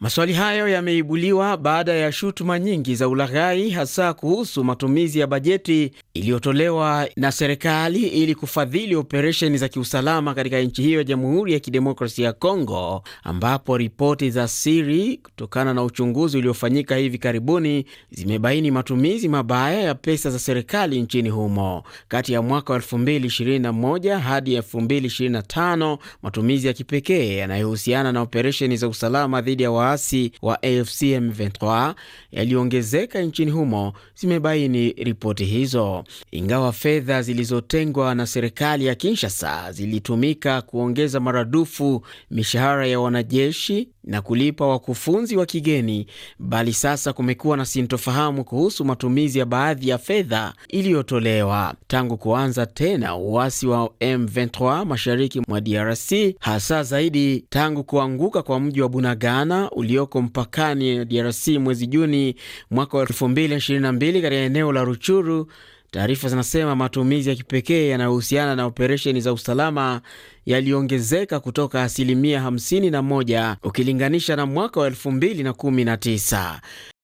Maswali hayo yameibuliwa baada ya shutuma nyingi za ulaghai hasa kuhusu matumizi ya bajeti iliyotolewa na serikali ili kufadhili operesheni za kiusalama katika nchi hiyo ya Jamhuri ya Kidemokrasia ya Kongo, ambapo ripoti za siri kutokana na uchunguzi uliofanyika hivi karibuni zimebaini matumizi mabaya ya pesa za serikali nchini humo. Kati ya mwaka wa 2021 hadi 2025, matumizi ya kipekee yanayohusiana na operesheni za usalama dhidi ya waasi wa AFC M23 yaliyoongezeka nchini humo, zimebaini ripoti hizo ingawa fedha zilizotengwa na serikali ya Kinshasa zilitumika kuongeza maradufu mishahara ya wanajeshi, na kulipa wakufunzi wa kigeni, bali sasa kumekuwa na sintofahamu kuhusu matumizi ya baadhi ya fedha iliyotolewa tangu kuanza tena uasi wa M23 mashariki mwa DRC, hasa zaidi tangu kuanguka kwa mji wa Bunagana ulioko mpakani na DRC mwezi Juni mwaka 2022 katika eneo la Ruchuru. Taarifa zinasema matumizi ya kipekee yanayohusiana na operesheni za usalama yaliongezeka kutoka asilimia 51 ukilinganisha na mwaka wa 2019.